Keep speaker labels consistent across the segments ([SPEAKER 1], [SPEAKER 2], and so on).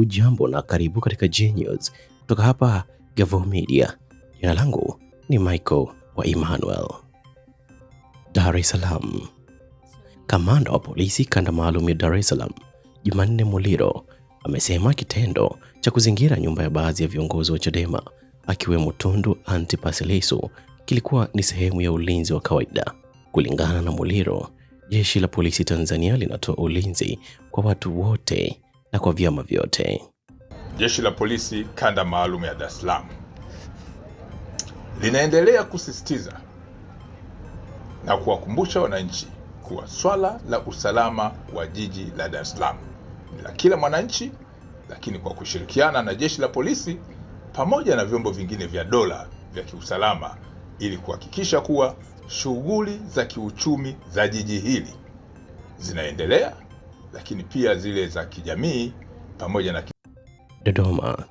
[SPEAKER 1] Hujambo na karibu katika Genius kutoka hapa Gavo Media. Jina langu ni Michael wa Emmanuel.
[SPEAKER 2] Dar es Salaam. Kamanda wa polisi kanda maalum ya Dar es Salaam, Jumanne Muliro amesema kitendo cha kuzingira nyumba ya baadhi ya viongozi wa Chadema akiwemo Tundu Antipas Lissu kilikuwa ni sehemu ya ulinzi wa kawaida. Kulingana na Muliro, jeshi la polisi Tanzania linatoa ulinzi kwa watu wote na kwa vyama vyote.
[SPEAKER 3] Jeshi la Polisi kanda maalum ya Dar es Salaam linaendelea kusisitiza na kuwakumbusha wananchi kuwa swala la usalama wa jiji la Dar es Salaam ni la kila mwananchi, lakini kwa kushirikiana na jeshi la polisi pamoja na vyombo vingine vya dola vya kiusalama ili kuhakikisha kuwa shughuli za kiuchumi za jiji hili zinaendelea lakini pia zile za kijamii pamoja na
[SPEAKER 4] Dodoma.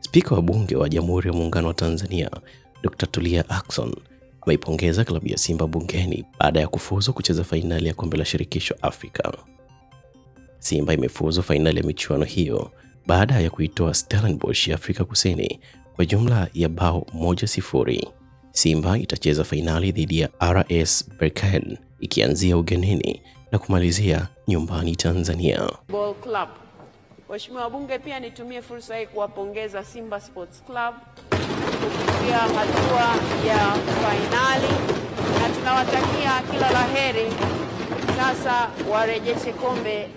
[SPEAKER 4] Spika wa Bunge wa Jamhuri ya Muungano wa Tanzania Dr. Tulia Ackson ameipongeza klabu ya Simba bungeni baada ya kufuzu kucheza fainali ya kombe la shirikisho Afrika. Simba imefuzu fainali ya michuano hiyo baada ya kuitoa Stellenbosch ya Afrika Kusini kwa jumla ya bao moja sifuri. Simba itacheza fainali dhidi ya RS Berkane ikianzia ugenini na kumalizia nyumbani Tanzania.
[SPEAKER 5] Ball Club. Waheshimiwa wabunge, pia nitumie fursa hii kuwapongeza Simba Sports Club kufikia hatua ya fainali, na tunawatakia kila la heri. Sasa warejeshe kombe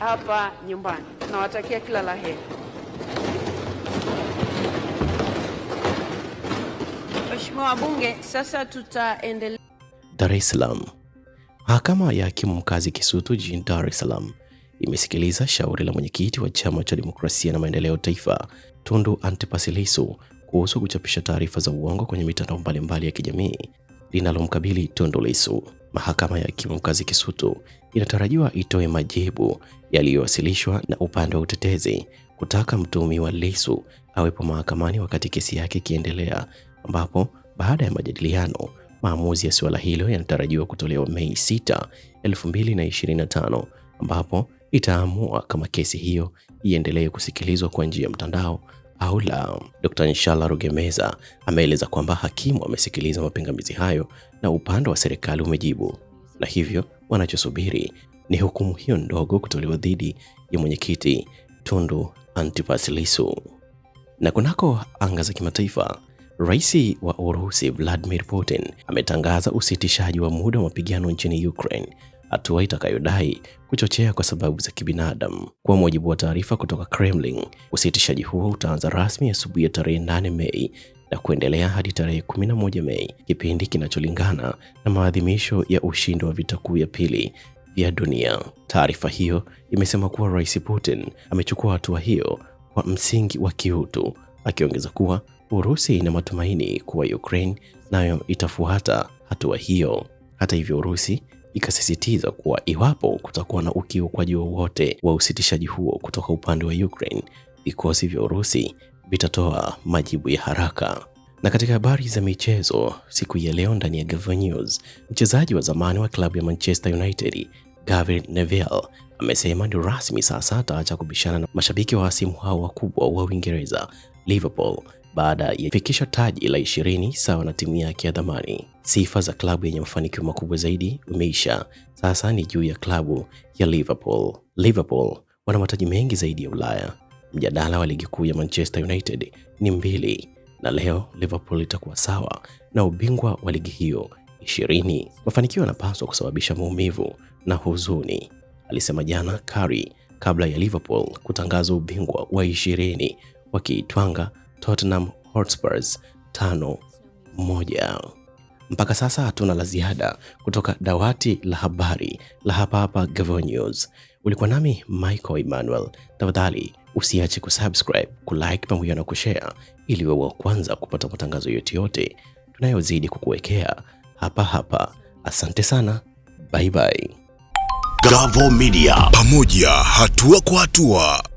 [SPEAKER 5] hapa nyumbani, tunawatakia kila la heri. Waheshimiwa wabunge, sasa tutaendelea.
[SPEAKER 2] Dar es Salaam. Mahakama ya Hakimu Mkazi Kisutu jijini Dar es Salaam imesikiliza shauri la mwenyekiti wa Chama cha Demokrasia na Maendeleo Taifa, Tundu Antipas Lissu kuhusu kuchapisha taarifa za uongo kwenye mitandao mbalimbali ya kijamii linalomkabili Tundu Lissu. Mahakama ya Hakimu Mkazi Kisutu inatarajiwa itoe majibu yaliyowasilishwa na upande wa utetezi kutaka mtuhumiwa Lissu awepo mahakamani wakati kesi yake ikiendelea, ambapo baada ya majadiliano Maamuzi ya suala hilo yanatarajiwa kutolewa Mei 6, 2025 ambapo itaamua kama kesi hiyo iendelee kusikilizwa kwa njia ya mtandao au la. Dkt. Nshala Rugemeza ameeleza kwamba hakimu amesikiliza mapingamizi hayo na upande wa serikali umejibu, na hivyo wanachosubiri ni hukumu hiyo ndogo kutolewa dhidi ya mwenyekiti Tundu Antipas Lissu. Na kunako anga za kimataifa, Rais wa Urusi Vladimir Putin ametangaza usitishaji wa muda wa mapigano nchini Ukraine, hatua itakayodai kuchochea kwa sababu za kibinadamu. Kwa mujibu wa taarifa kutoka Kremlin, usitishaji huo utaanza rasmi asubuhi ya tarehe 8 Mei na kuendelea hadi tarehe 11 Mei, kipindi kinacholingana na maadhimisho ya ushindi wa vita kuu ya pili vya dunia. Taarifa hiyo imesema kuwa Rais Putin amechukua hatua hiyo kwa msingi wa kiutu, akiongeza kuwa Urusi ina matumaini kuwa Ukraine nayo itafuata hatua hiyo. Hata hivyo, Urusi ikasisitiza kuwa iwapo kutakuwa na ukiukwaji wowote wa usitishaji huo kutoka upande wa Ukraine, vikosi vya Urusi vitatoa majibu ya haraka. Na katika habari za michezo siku ya leo ndani ya Gavana News, mchezaji wa zamani wa klabu ya Manchester United Gary Neville amesema ni rasmi sasa ataacha kubishana na mashabiki wa hasimu hao wakubwa wa Uingereza Liverpool baada ya kufikisha taji la ishirini sawa na timu yake ya dhamani. Sifa za klabu yenye mafanikio makubwa zaidi umeisha, sasa ni juu ya klabu ya Liverpool. Liverpool wana mataji mengi zaidi ya Ulaya. Mjadala wa ligi kuu ya Manchester United ni mbili, na leo Liverpool itakuwa sawa na ubingwa wa ligi hiyo ishirini. Mafanikio yanapaswa kusababisha maumivu na huzuni, alisema jana Kari kabla ya Liverpool kutangaza ubingwa wa 20 wakiitwanga Tottenham Hotspurs tano moja. Mpaka sasa hatuna la ziada kutoka dawati la habari la hapa hapa Gavoo News. Ulikuwa nami Michael Emmanuel. Tafadhali usiache kusubscribe, kulike pamoja na kushare ili wewe wa kwanza kupata matangazo yote yote tunayozidi kukuwekea hapa hapa. Asante sana, bye bye. Gavoo Media, pamoja hatua kwa hatua.